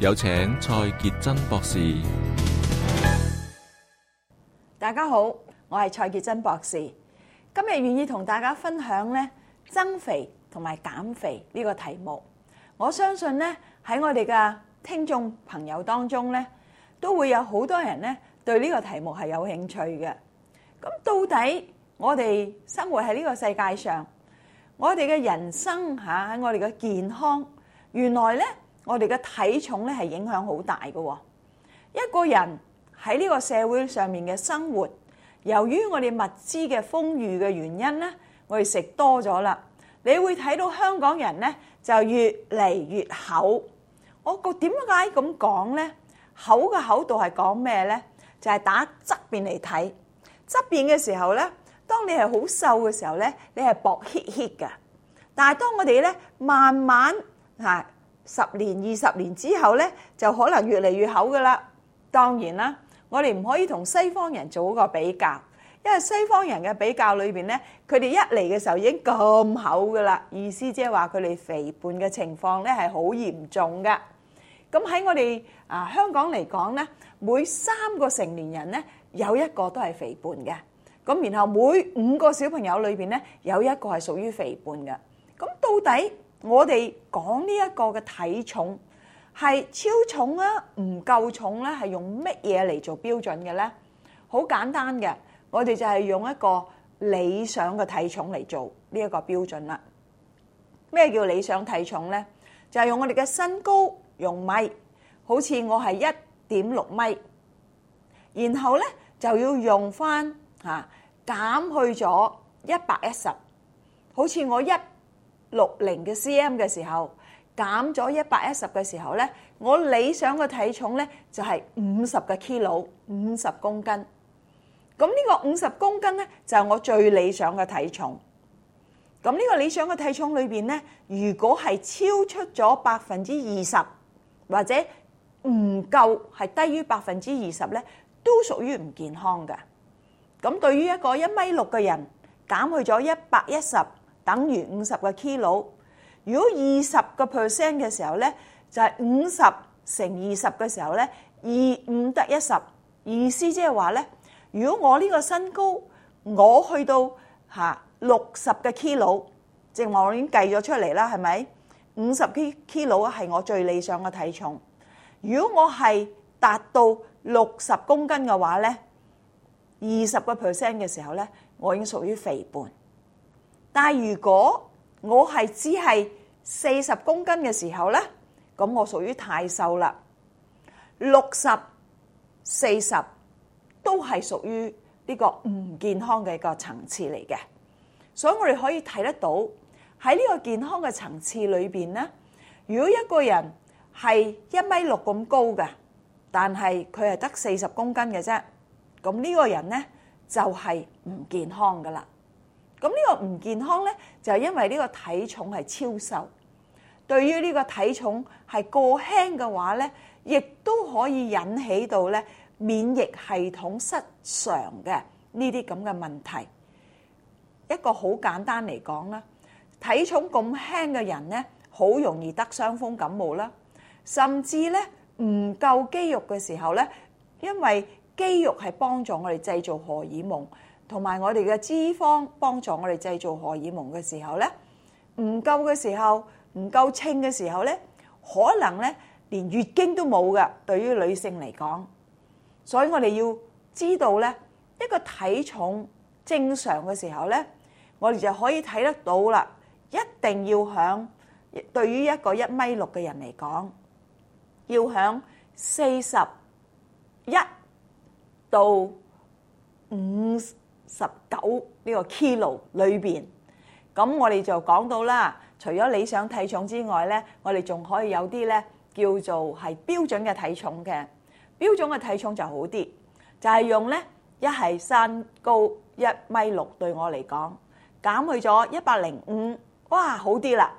有請蔡潔真博士。大家好，我係蔡潔真博士。今日願意同大家分享咧增肥同埋減肥呢個題目。我相信咧，喺我哋嘅聽眾朋友當中咧，都會有好多人咧對呢個題目係有興趣嘅。咁到底我哋生活喺呢個世界上，我哋嘅人生吓喺我哋嘅健康，原來咧。我哋嘅體重咧係影響好大嘅。一個人喺呢個社會上面嘅生活，由於我哋物資嘅豐裕嘅原因咧，我哋食多咗啦。你會睇到香港人咧就越嚟越厚。我個點解咁講咧？厚嘅厚度係講咩咧？就係打側邊嚟睇側邊嘅時候咧。當你係好瘦嘅時候咧，你係薄怯怯嘅。但係當我哋咧慢慢係。十年、二十年之後呢，就可能越嚟越厚噶啦。當然啦，我哋唔可以同西方人做一個比較，因為西方人嘅比較裏邊呢，佢哋一嚟嘅時候已經咁厚噶啦。意思即係話佢哋肥胖嘅情況呢係好嚴重噶。咁喺我哋啊香港嚟講呢，每三個成年人呢有一個都係肥胖嘅。咁然後每五個小朋友裏邊呢有一個係屬於肥胖嘅。咁到底？我哋講呢一個嘅體重係超重啦，唔夠重咧，係用乜嘢嚟做標準嘅呢？好簡單嘅，我哋就係用一個理想嘅體重嚟做呢一個標準啦。咩叫理想體重呢？就係用我哋嘅身高用米，好似我係一點六米，然後呢就要用翻吓減去咗一百一十，好似我一。六零嘅 cm 嘅時候，減咗一百一十嘅時候呢，我理想嘅體重呢，就係五十嘅 kilo，五十公斤。咁呢個五十公斤呢，就係我最理想嘅體重。咁呢個理想嘅體重裏邊呢，如果係超出咗百分之二十，或者唔夠係低於百分之二十呢，都屬於唔健康嘅。咁對於一個一米六嘅人，減去咗一百一十，等於五十嘅 k i 如果二十個 percent 嘅時候呢，就係五十乘二十嘅時候呢，二五得一十。意思即係話呢，如果我呢個身高，我去到吓六十嘅 k i 正 o 我已經計咗出嚟啦，係咪？五十 k i l 係我最理想嘅體重。如果我係達到六十公斤嘅話呢，二十個 percent 嘅時候呢，我已經屬於肥胖。但係如果我係只係四十公斤嘅時候呢，咁我屬於太瘦啦。六十四十都係屬於呢個唔健康嘅一個層次嚟嘅。所以我哋可以睇得到喺呢個健康嘅層次裏邊呢，如果一個人係一米六咁高嘅，但係佢係得四十公斤嘅啫，咁呢個人呢，就係唔健康噶啦。咁呢個唔健康呢，就係因為呢個體重係超瘦。對於呢個體重係過輕嘅話呢，亦都可以引起到呢免疫系統失常嘅呢啲咁嘅問題。一個好簡單嚟講啦，體重咁輕嘅人呢，好容易得傷風感冒啦。甚至呢唔夠肌肉嘅時候呢，因為肌肉係幫助我哋製造荷爾蒙。同埋我哋嘅脂肪幫助我哋製造荷爾蒙嘅時候咧，唔夠嘅時候，唔夠清嘅時候咧，可能咧連月經都冇嘅。對於女性嚟講，所以我哋要知道咧，一個體重正常嘅時候咧，我哋就可以睇得到啦。一定要響對於一個一米六嘅人嚟講，要響四十一到五十十九呢個 kilo 裏邊，咁我哋就講到啦。除咗理想體重之外呢，我哋仲可以有啲呢叫做係標準嘅體重嘅。標準嘅體重就好啲，就係用呢一係身高一米六對我嚟講減去咗一百零五，哇好啲啦！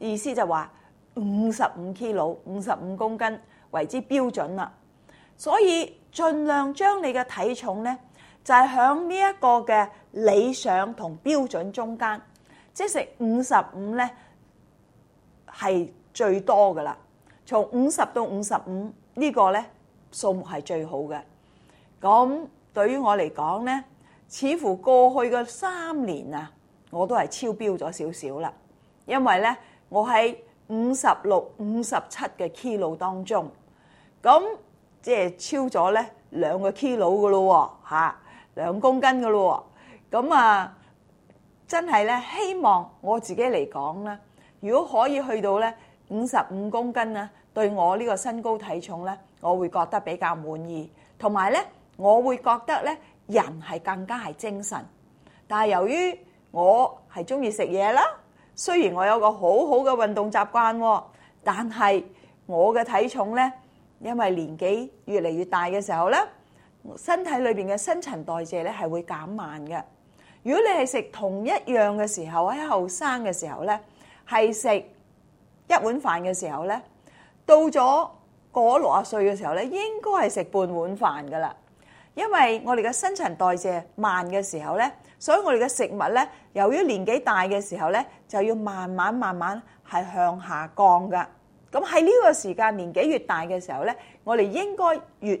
意思就話五十五 kilo 五十五公斤為之標準啦。所以盡量將你嘅體重呢。就係喺呢一個嘅理想同標準中間，即係成五十五呢係最多噶啦。從五十到五十五呢個呢數目係最好嘅。咁、嗯、對於我嚟講呢，似乎過去嘅三年啊，我都係超標咗少少啦。因為呢，我喺五十六、五十七嘅 kilo 當中，咁、嗯、即係超咗呢兩個 kilo 咯喎、啊，兩公斤嘅咯喎，咁啊真係咧希望我自己嚟講咧，如果可以去到咧五十五公斤咧，對我呢個身高體重咧，我會覺得比較滿意，同埋咧，我會覺得咧人係更加係精神。但係由於我係鍾意食嘢啦，雖然我有個好好嘅運動習慣，但係我嘅體重咧，因為年紀越嚟越大嘅時候咧。身體裏邊嘅新陳代謝咧係會減慢嘅。如果你係食同一樣嘅時候，喺後生嘅時候咧，係食一碗飯嘅時候咧，到咗過咗六十歲嘅時候咧，應該係食半碗飯噶啦。因為我哋嘅新陳代謝慢嘅時候咧，所以我哋嘅食物咧，由於年紀大嘅時候咧，就要慢慢慢慢係向下降噶。咁喺呢個時間，年紀越大嘅時候咧，我哋應該越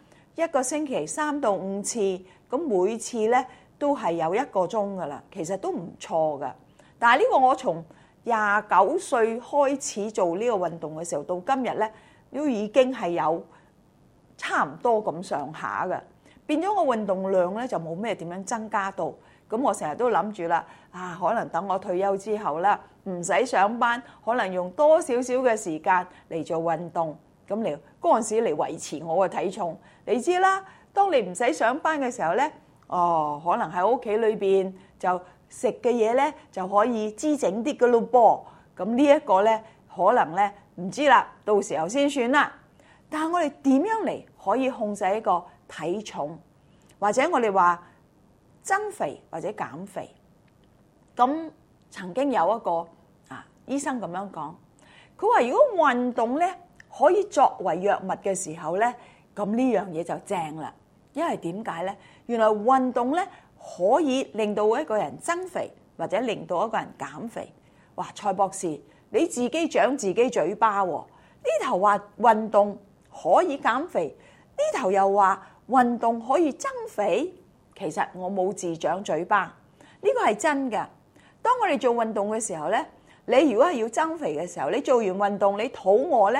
一個星期三到五次，咁每次咧都係有一個鐘噶啦，其實都唔錯噶。但係呢個我從廿九歲開始做呢個運動嘅時候，到今日呢，都已經係有差唔多咁上下㗎，變咗我運動量呢，就冇咩點樣增加到。咁我成日都諗住啦，啊可能等我退休之後咧，唔使上班，可能用多少少嘅時間嚟做運動。咁嚟嗰陣時嚟維持我嘅體重，你知啦。當你唔使上班嘅時候咧，哦，可能喺屋企裏邊就食嘅嘢咧就可以滋整啲噶咯噃。咁、嗯這個、呢一個咧，可能咧唔知啦，到時候先算啦。但係我哋點樣嚟可以控制一個體重，或者我哋話增肥或者減肥？咁曾經有一個啊醫生咁樣講，佢話如果運動咧。可以作為藥物嘅時候呢，咁呢樣嘢就正啦。因為點解呢？原來運動呢，可以令到一個人增肥，或者令到一個人減肥。哇！蔡博士，你自己長自己嘴巴喎？呢頭話運動可以減肥，呢頭又話運動可以增肥。其實我冇自長嘴巴，呢個係真嘅。當我哋做運動嘅時候呢，你如果係要增肥嘅時候，你做完運動你肚餓呢。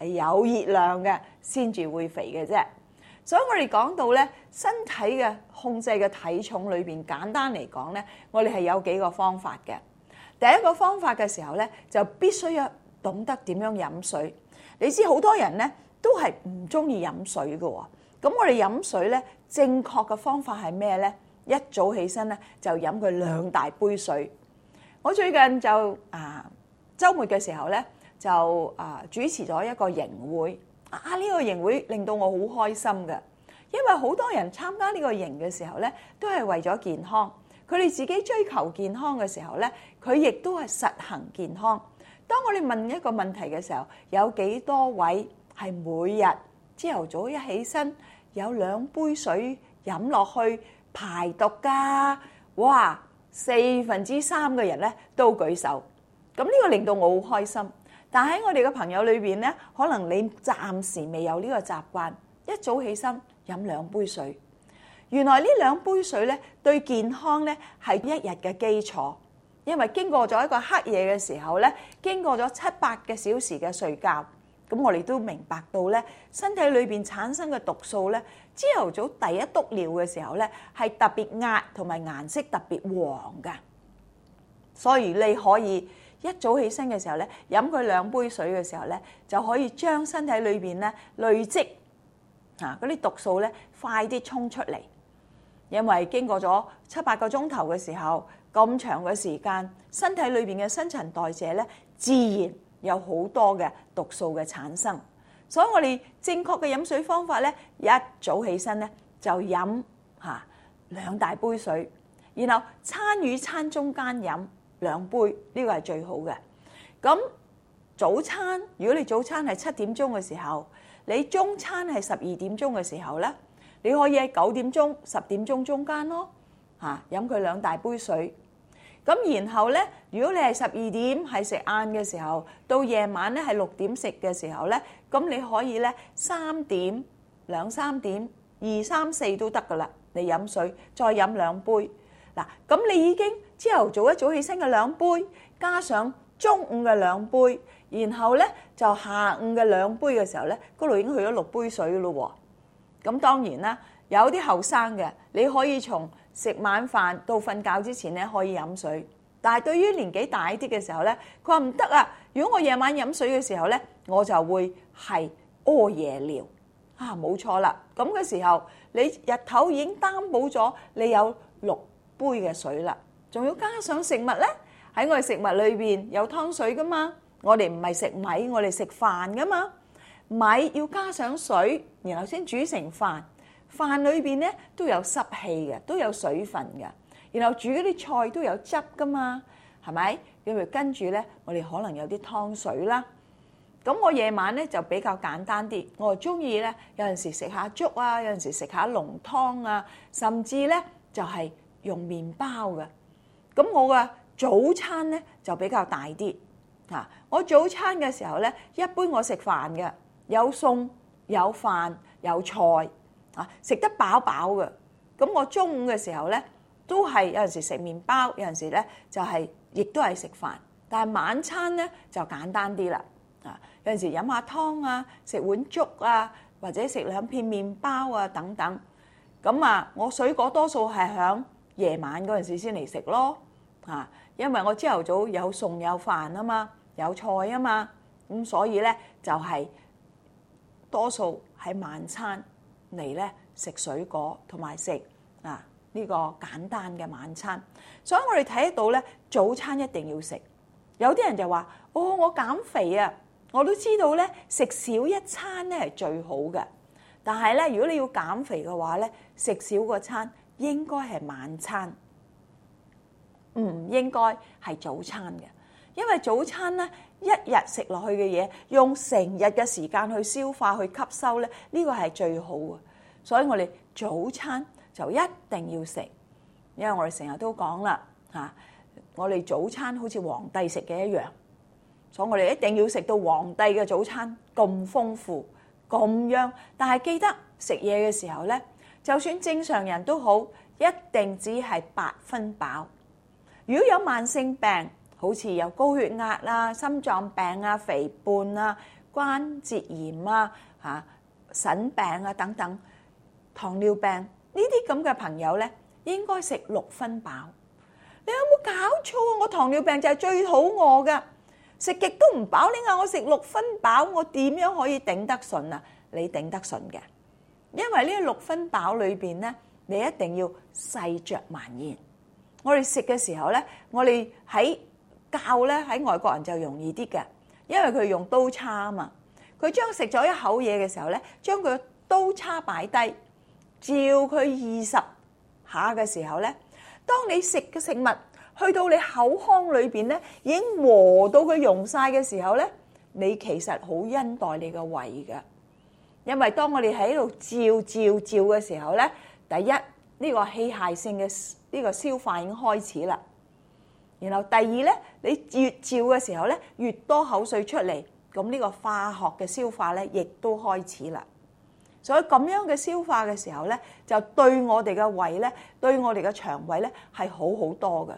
係有熱量嘅，先至會肥嘅啫。所以我哋講到咧，身體嘅控制嘅體重裏邊，簡單嚟講咧，我哋係有幾個方法嘅。第一個方法嘅時候咧，就必須要懂得點樣飲水。你知好多人咧都係唔中意飲水㗎喎、哦。咁我哋飲水咧正確嘅方法係咩咧？一早起身咧就飲佢兩大杯水。我最近就啊，週末嘅時候咧。就啊主持咗一個營會啊！呢個營會令到我好開心㗎，因為好多人參加呢個營嘅時候呢，都係為咗健康。佢哋自己追求健康嘅時候呢，佢亦都係實行健康。當我哋問一個問題嘅時候，有幾多位係每日朝頭早一起身有兩杯水飲落去排毒㗎？哇！四分之三嘅人呢都舉手，咁呢個令到我好開心。但喺我哋嘅朋友裏邊咧，可能你暫時未有呢個習慣，一早起身飲兩杯水。原來呢兩杯水咧，對健康咧係一日嘅基礎。因為經過咗一個黑夜嘅時候咧，經過咗七八個小時嘅睡覺，咁我哋都明白到咧，身體裏邊產生嘅毒素咧，朝頭早第一篤尿嘅時候咧，係特別壓同埋顏色特別黃㗎。所以你可以，一早起身嘅時候咧，飲佢兩杯水嘅時候咧，就可以將身體裏邊咧累積啊嗰啲毒素咧，快啲沖出嚟。因為經過咗七八個鐘頭嘅時候，咁長嘅時間，身體裏邊嘅新陳代謝咧，自然有好多嘅毒素嘅產生。所以我哋正確嘅飲水方法咧，一早起身咧就飲吓兩大杯水，然後餐與餐中間飲。兩杯呢個係最好嘅。咁早餐如果你早餐係七點鐘嘅時候，你中餐係十二點鐘嘅時候呢，你可以喺九點鐘十點鐘中間咯，嚇飲佢兩大杯水。咁然後呢，如果你係十二點係食晏嘅時候，到夜晚呢係六點食嘅時候呢，咁你可以呢，三點兩三點二三四都得噶啦。你飲水再飲兩杯嗱，咁你已經。朝頭早一早起身嘅兩杯，加上中午嘅兩杯，然後呢，就下午嘅兩杯嘅時候呢，嗰度已經去咗六杯水咯喎。咁、嗯、當然啦，有啲後生嘅你可以從食晚飯到瞓覺之前呢，可以飲水，但係對於年紀大啲嘅時候呢，佢話唔得啊。如果我夜晚飲水嘅時候呢，我就會係屙夜尿啊，冇錯啦。咁嘅時候，你日頭已經擔保咗你有六杯嘅水啦。仲要加上食物咧，喺我哋食物裏邊有湯水噶嘛？我哋唔係食米，我哋食飯噶嘛。米要加上水，然後先煮成飯。飯裏邊咧都有濕氣嘅，都有水分嘅。然後煮嗰啲菜都有汁噶嘛，係咪？因為跟住咧，我哋可能有啲湯水啦。咁我夜晚咧就比較簡單啲，我就中意咧有陣時食下粥啊，有陣時食下濃湯啊，甚至咧就係用麵包嘅。咁我嘅早餐呢就比較大啲，嚇、啊！我早餐嘅時候呢，一般我食飯嘅，有餸有飯有菜，嚇食、啊、得飽飽嘅。咁我中午嘅時候呢，都係有陣時食麪包，有陣時呢就係亦都係食飯。但係晚餐呢，就簡單啲啦，啊有陣時飲下湯啊，食碗粥啊，或者食兩片麪包啊等等。咁啊，我水果多數係響，夜晚嗰陣時先嚟食咯，啊，因為我朝頭早有餸有飯啊嘛，有菜啊嘛，咁所以咧就係多數喺晚餐嚟咧食水果同埋食啊呢個簡單嘅晚餐。所以我哋睇得到咧，早餐一定要食。有啲人就話：哦，我減肥啊，我都知道咧食少一餐咧係最好嘅。但係咧，如果你要減肥嘅話咧，食少個餐。應該係晚餐，唔應該係早餐嘅，因為早餐呢一日食落去嘅嘢，用成日嘅時間去消化去吸收呢，呢個係最好嘅。所以我哋早餐就一定要食，因為我哋成日都講啦嚇，我哋早餐好似皇帝食嘅一樣，所以我哋一定要食到皇帝嘅早餐咁豐富咁樣，但係記得食嘢嘅時候呢。就算正常人都好，一定只係八分飽。如果有慢性病，好似有高血壓啦、心臟病啊、肥胖啊、關節炎啊、吓腎病啊等等，糖尿病呢啲咁嘅朋友呢，應該食六分飽。你有冇搞錯？我糖尿病就係最肚餓嘅，食極都唔飽。你嗌我食六分飽，我點樣可以頂得順啊？你頂得順嘅？因為呢六分飽裏邊呢，你一定要細嚼慢嚥。我哋食嘅時候呢，我哋喺教呢，喺外國人就容易啲嘅，因為佢用刀叉啊嘛。佢將食咗一口嘢嘅時候呢，將佢刀叉擺低，照佢二十下嘅時候呢，當你食嘅食物去到你口腔裏邊呢，已經磨到佢溶晒嘅時候呢，你其實好恩待你個胃嘅。因為當我哋喺度照照照嘅時候咧，第一呢個器械性嘅呢個消化已經開始啦。然後第二咧，你越照嘅時候咧，越多口水出嚟，咁呢個化學嘅消化咧，亦都開始啦。所以咁樣嘅消化嘅時候咧，就對我哋嘅胃咧，對我哋嘅腸胃咧，係好好多嘅。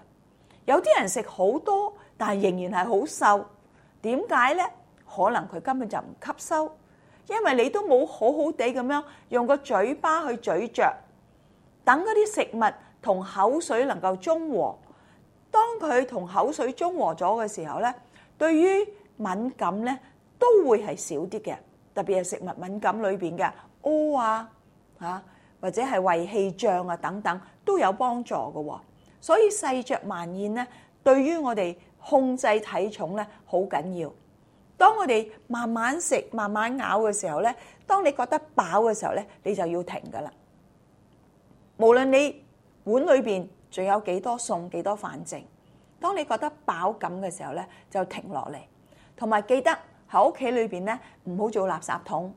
有啲人食好多，但係仍然係好瘦，點解咧？可能佢根本就唔吸收。因為你都冇好好地咁樣用個嘴巴去咀嚼，等嗰啲食物同口水能夠中和。當佢同口水中和咗嘅時候咧，對於敏感咧都會係少啲嘅。特別係食物敏感裏邊嘅屙啊嚇，或者係胃氣脹啊等等都有幫助嘅。所以細嚼慢咽咧，對於我哋控制體重咧好緊要。當我哋慢慢食、慢慢咬嘅時候咧，當你覺得飽嘅時候咧，你就要停㗎啦。無論你碗裏邊仲有幾多餸、幾多飯剩，當你覺得飽感嘅時候咧，就停落嚟。同埋記得喺屋企裏邊咧，唔好做垃圾桶，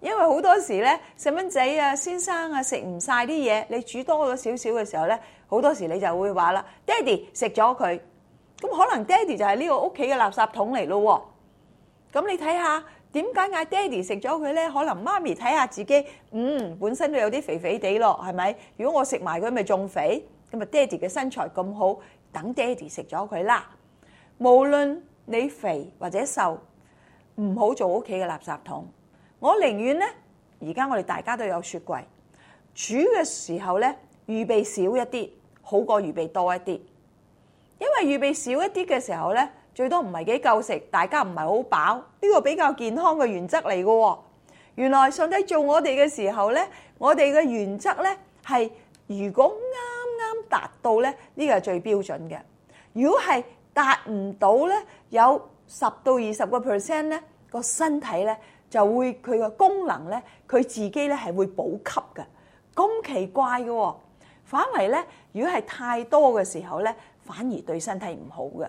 因為好多時咧，細蚊仔啊、先生啊，食唔晒啲嘢，你煮多咗少少嘅時候咧，好多時你就會話啦：「爹哋，食咗佢。」咁，可能爹哋就係呢個屋企嘅垃圾桶嚟咯。咁你睇下點解嗌爹哋食咗佢呢？可能媽咪睇下自己，嗯，本身都有啲肥肥哋咯，係咪？如果我食埋佢，咪仲肥。咁啊，爹哋嘅身材咁好，等爹哋食咗佢啦。無論你肥或者瘦，唔好做屋企嘅垃圾桶。我寧願呢，而家我哋大家都有雪櫃，煮嘅時候呢，預備少一啲，好過預備多一啲。因為預備少一啲嘅時候呢。最多唔係幾夠食，大家唔係好飽，呢個比較健康嘅原則嚟嘅。哦，原來上帝做我哋嘅時候呢，我哋嘅原則呢係如果啱啱達到呢，呢、呢個係最標準嘅。如果係達唔到呢，有十到二十個 percent 呢個身體呢，就會佢個功能呢，佢自己呢係會補給嘅。咁奇怪嘅。哦，反為呢，如果係太多嘅時候呢，反而對身體唔好嘅。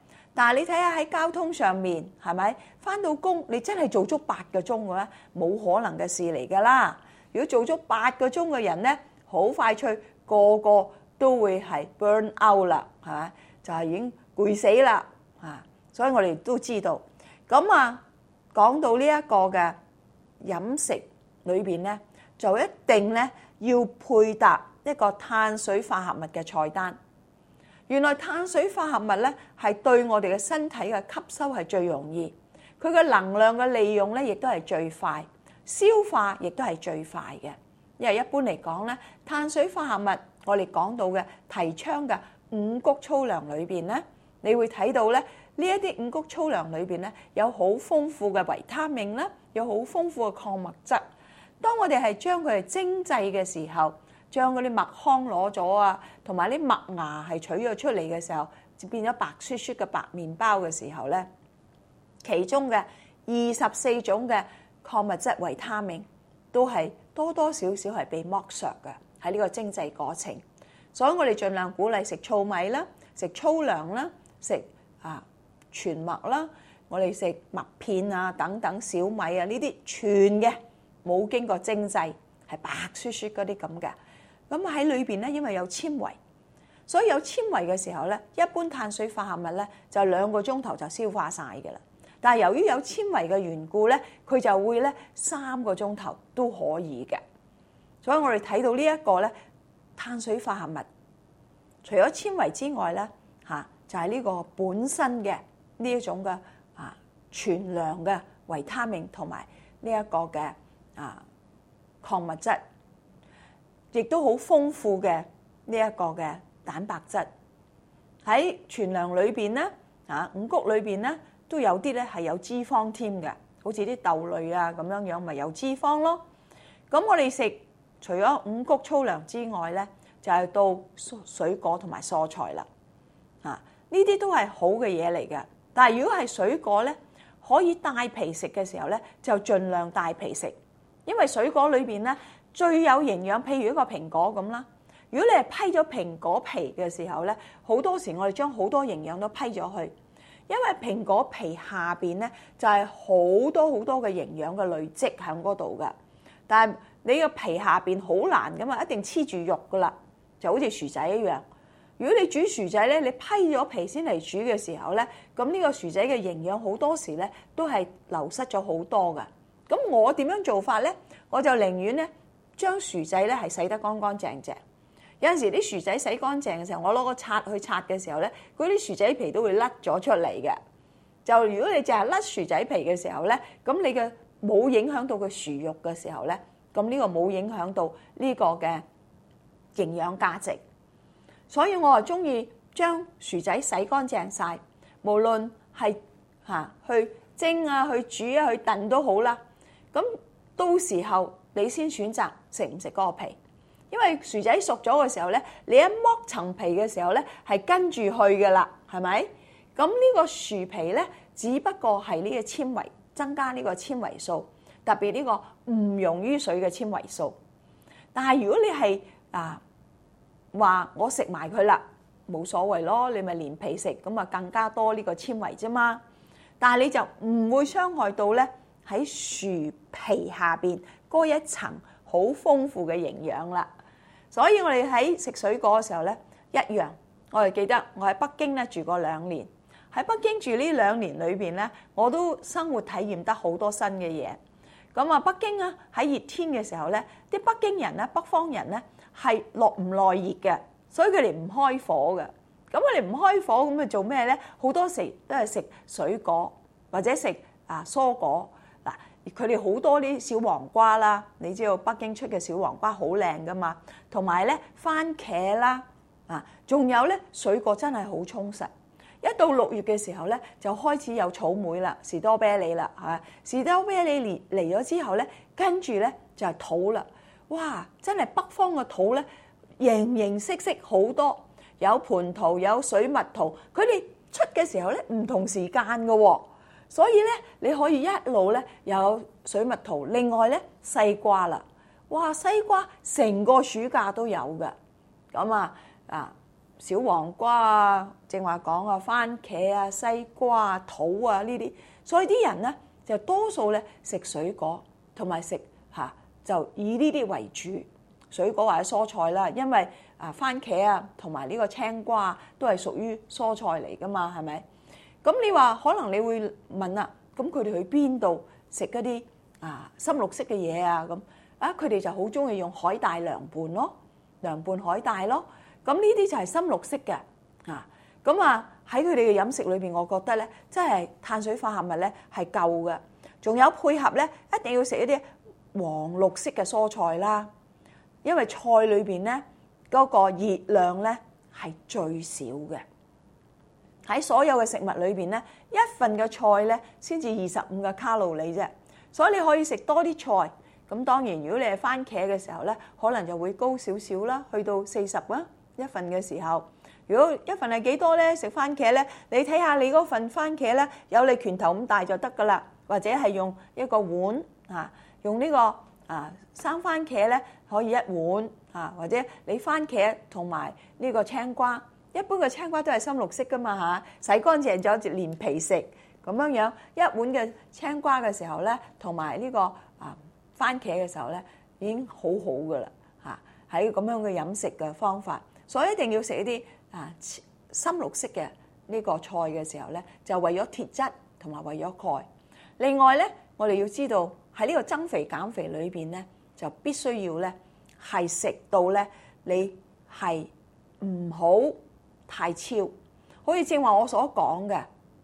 但係你睇下喺交通上面係咪翻到工你真係做足八個鐘嘅咧？冇可能嘅事嚟㗎啦！如果做足八個鐘嘅人咧，好快脆個個都會係 burn out 啦，係咪？就係已經攰死啦啊！所以我哋都知道，咁啊講到呢一個嘅飲食裏邊咧，就一定咧要配搭一個碳水化合物嘅菜單。原來碳水化合物咧係對我哋嘅身體嘅吸收係最容易，佢嘅能量嘅利用咧亦都係最快，消化亦都係最快嘅。因為一般嚟講咧，碳水化合物我哋講到嘅提倡嘅五穀粗糧裏邊咧，你會睇到咧呢一啲五穀粗糧裏邊咧有好豐富嘅維他命啦，有好豐富嘅礦物質。當我哋係將佢精製嘅時候，將嗰啲麥糠攞咗啊，同埋啲麥芽係取咗出嚟嘅時候，變咗白雪雪嘅白麵包嘅時候咧，其中嘅二十四種嘅礦物質維他命都係多多少少係被剝削嘅喺呢個精製過程。所以我哋盡量鼓勵食糙米啦，食粗糧啦，食啊全麥啦，我哋食麥片啊、等等小米啊呢啲全嘅冇經過精製，係白雪雪嗰啲咁嘅。咁喺裏邊咧，因為有纖維，所以有纖維嘅時候咧，一般碳水化合物咧就兩個鐘頭就消化晒嘅啦。但係由於有纖維嘅緣故咧，佢就會咧三個鐘頭都可以嘅。所以我哋睇到呢一個咧，碳水化合物除咗纖維之外咧，嚇、啊、就係、是、呢個本身嘅呢一種嘅啊全量嘅維他命同埋呢一個嘅啊礦物質。亦都好豐富嘅呢一個嘅蛋白質，喺全糧裏邊咧，嚇五穀裏邊咧都有啲咧係有脂肪添嘅，好似啲豆類啊咁樣樣咪有脂肪咯。咁我哋食除咗五穀粗糧之外咧，就係到水果同埋蔬菜啦。啊，呢啲都係好嘅嘢嚟嘅。但係如果係水果咧，可以帶皮食嘅時候咧，就盡量帶皮食，因為水果裏邊咧。最有營養，譬如一個蘋果咁啦。如果你係批咗蘋果皮嘅時候咧，好多時我哋將好多營養都批咗去，因為蘋果皮下邊咧就係、是、好多好多嘅營養嘅累積喺嗰度嘅。但係你個皮下邊好難噶嘛，一定黐住肉噶啦，就好似薯仔一樣。如果你煮薯仔咧，你批咗皮先嚟煮嘅時候咧，咁呢個薯仔嘅營養好多時咧都係流失咗好多嘅。咁我點樣做法咧？我就寧願咧。將薯仔咧係洗得乾乾淨淨，有陣時啲薯仔洗乾淨嘅時候，我攞個刷去刷嘅時候咧，嗰啲薯仔皮都會甩咗出嚟嘅。就如果你淨係甩薯仔皮嘅時候咧，咁你嘅冇影響到個薯肉嘅時候咧，咁呢個冇影響到呢個嘅營養價值。所以我啊中意將薯仔洗乾淨晒，無論係嚇去蒸啊、去煮啊、去燉都好啦。咁到時候你先選擇。食唔食嗰個皮？因為薯仔熟咗嘅時候呢，你一剝層皮嘅時候呢，係跟住去嘅㗎啦，係咪？咁呢個薯皮呢，只不過係呢個纖維增加呢個纖維素，特別呢個唔溶於水嘅纖維素。但係如果你係啊話我食埋佢啦，冇所謂咯，你咪連皮食，咁啊更加多呢個纖維啫嘛。但係你就唔會傷害到呢，喺薯皮下邊嗰一層。好豐富嘅營養啦，所以我哋喺食水果嘅時候呢，一樣。我係記得我喺北京咧住過兩年，喺北京住呢兩年裏邊呢，我都生活體驗得好多新嘅嘢。咁、嗯、啊，北京啊喺熱天嘅時候呢，啲北京人呢，北方人呢係落唔耐熱嘅，所以佢哋唔開火嘅。咁佢哋唔開火咁啊做咩呢？好多時都係食水果或者食啊蔬果。佢哋好多啲小黃瓜啦，你知道北京出嘅小黃瓜好靚噶嘛？同埋咧番茄啦，啊，仲有咧水果真係好充實。一到六月嘅時候咧，就開始有草莓啦、士多啤梨啦，嚇、啊！士多啤梨嚟咗之後咧，跟住咧就係、是、桃啦。哇！真係北方嘅桃咧，形形色色好多，有蟠桃有水蜜桃，佢哋出嘅時候咧唔同時間嘅喎、哦。所以咧，你可以一路咧有水蜜桃，另外咧西瓜啦，哇！西瓜成個暑假都有㗎，咁啊啊小黃瓜啊，正話講啊番茄啊、西瓜啊、土啊呢啲，所以啲人咧就多數咧食水果同埋食嚇，就以呢啲為主水果或者蔬菜啦，因為啊番茄啊同埋呢個青瓜都係屬於蔬菜嚟噶嘛，係咪？咁你話可能你會問啊，咁佢哋去邊度食嗰啲啊深綠色嘅嘢啊？咁啊，佢哋就好中意用海帶涼拌咯，涼拌海帶咯，咁呢啲就係深綠色嘅啊。咁啊，喺佢哋嘅飲食裏邊，我覺得咧真係碳水化合物咧係夠嘅，仲有配合咧一定要食一啲黃綠色嘅蔬菜啦，因為菜裏邊咧嗰個熱量咧係最少嘅。喺所有嘅食物裏邊咧，一份嘅菜咧先至二十五個卡路里啫，所以你可以食多啲菜。咁當然，如果你係番茄嘅時候咧，可能就會高少少啦，去到四十啦一份嘅時候。如果一份係幾多咧？食番茄咧，你睇下你嗰份番茄咧，有你拳頭咁大就得㗎喇，或者係用一個碗啊，用呢個啊生番茄咧可以一碗啊，或者你番茄同埋呢個青瓜。一般嘅青瓜都係深綠色噶嘛嚇，洗乾淨咗連皮食，咁樣樣一碗嘅青瓜嘅時候咧，同埋呢個啊、嗯、番茄嘅時候咧，已經好好噶啦嚇，喺、啊、咁樣嘅飲食嘅方法，所以一定要食一啲啊深綠色嘅呢個菜嘅時候咧，就為咗鐵質同埋為咗鈣。另外咧，我哋要知道喺呢個增肥減肥裏邊咧，就必須要咧係食到咧你係唔好。太超，好似正話我所講嘅，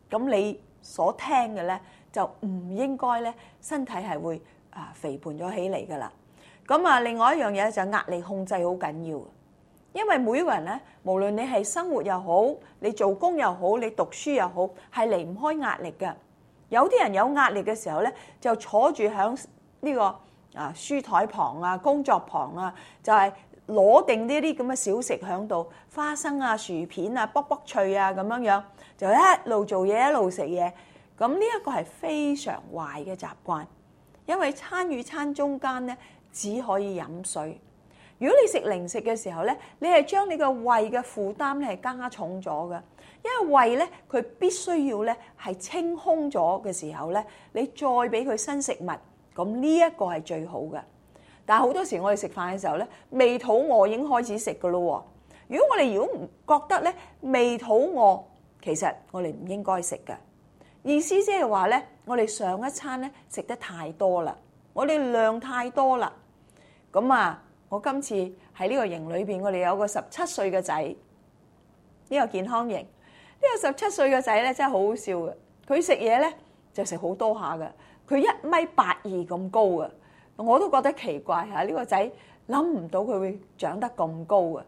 咁你所聽嘅呢就唔應該呢，身體係會啊肥胖咗起嚟噶啦。咁啊，另外一樣嘢就壓力控制好緊要，因為每個人呢，無論你係生活又好，你做工又好，你讀書又好，係離唔開壓力嘅。有啲人有壓力嘅時候呢，就坐住響呢個啊書台旁啊，工作旁啊，就係。攞定呢啲咁嘅小食喺度，花生啊、薯片啊、卜卜脆啊咁樣樣，就一路做嘢一路食嘢。咁呢一個係非常壞嘅習慣，因為餐與餐中間呢，只可以飲水。如果你食零食嘅時候呢，你係將你個胃嘅負擔咧係加重咗嘅，因為胃呢，佢必須要呢係清空咗嘅時候呢，你再俾佢新食物，咁呢一個係最好嘅。但係好多時我哋食飯嘅時候咧，未肚餓已經開始食噶咯喎。如果我哋如果唔覺得咧，未肚餓，其實我哋唔應該食㗎。意思即係話咧，我哋上一餐咧食得太多啦，我哋量太多啦。咁啊，我今次喺呢個營裏邊，我哋有個十七歲嘅仔，呢個健康營，呢個十七歲嘅仔咧真係好好笑嘅。佢食嘢咧就食好多下㗎，佢一米八二咁高嘅。我都覺得奇怪嚇，呢、這個仔諗唔到佢會長得咁高嘅。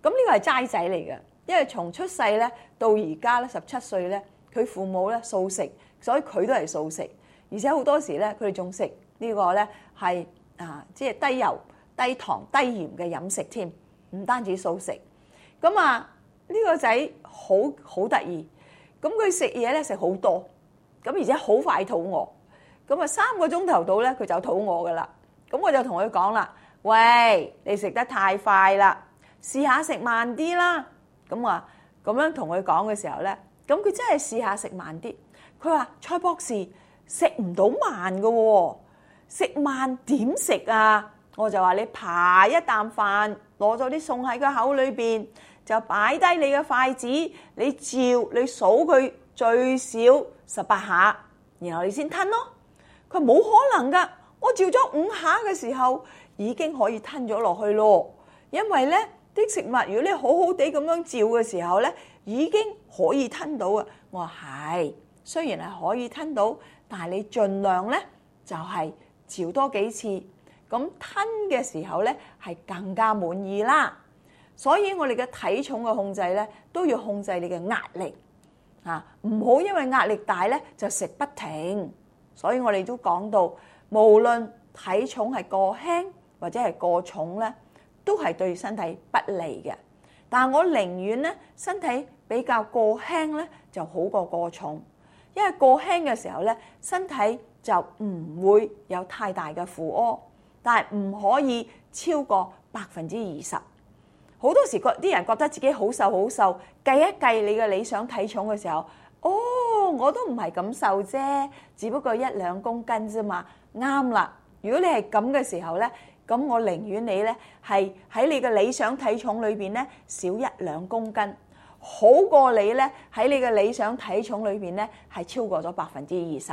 咁、這、呢個係齋仔嚟嘅，因為從出世咧到而家咧十七歲咧，佢父母咧素食，所以佢都係素食，而且好多時咧佢哋仲食呢個咧係啊，即係低油、低糖、低鹽嘅飲食添，唔單止素食。咁、這、啊、個，呢個仔好好得意。咁佢食嘢咧食好多，咁而且好快肚餓。咁啊，三個鐘頭到咧，佢就肚餓噶啦。咁我就同佢講啦，喂，你食得太快啦，試下食慢啲啦。咁啊，咁樣同佢講嘅時候咧，咁佢真係試下食慢啲。佢話：蔡博士食唔到慢噶，食慢點食啊？我就話，你扒一啖飯，攞咗啲餸喺佢口裏邊，就擺低你嘅筷子，你照你數佢最少十八下，然後你先吞咯。佢冇可能㗎，我嚼咗五下嘅時候已經可以吞咗落去咯。因為呢啲食物，如果你好好地咁樣嚼嘅時候呢，已經可以吞到呀。我話係，雖然係可以吞到，但係你盡量呢，就係嚼多幾次，咁吞嘅時候呢，係更加滿意啦。所以我哋嘅體重嘅控制呢，都要控制你嘅壓力啊，唔好因為壓力大呢，就食不停。所以我哋都講到，無論體重係過輕或者係過重呢，都係對身體不利嘅。但係我寧願呢，身體比較過輕呢，就好過過重，因為過輕嘅時候呢，身體就唔會有太大嘅負荷，但係唔可以超過百分之二十。好多時啲人覺得自己好瘦好瘦，計一計你嘅理想體重嘅時候，哦～我都唔係咁瘦啫，只不過一兩公斤啫嘛，啱啦。如果你係咁嘅時候呢，咁我寧願你呢係喺你嘅理想體重裏邊呢少一兩公斤，好過你呢喺你嘅理想體重裏邊呢係超過咗百分之二十。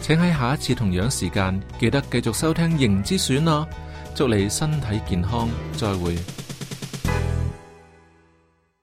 請喺下一次同樣時間記得繼續收聽《形之選》咯！祝你身體健康，再會。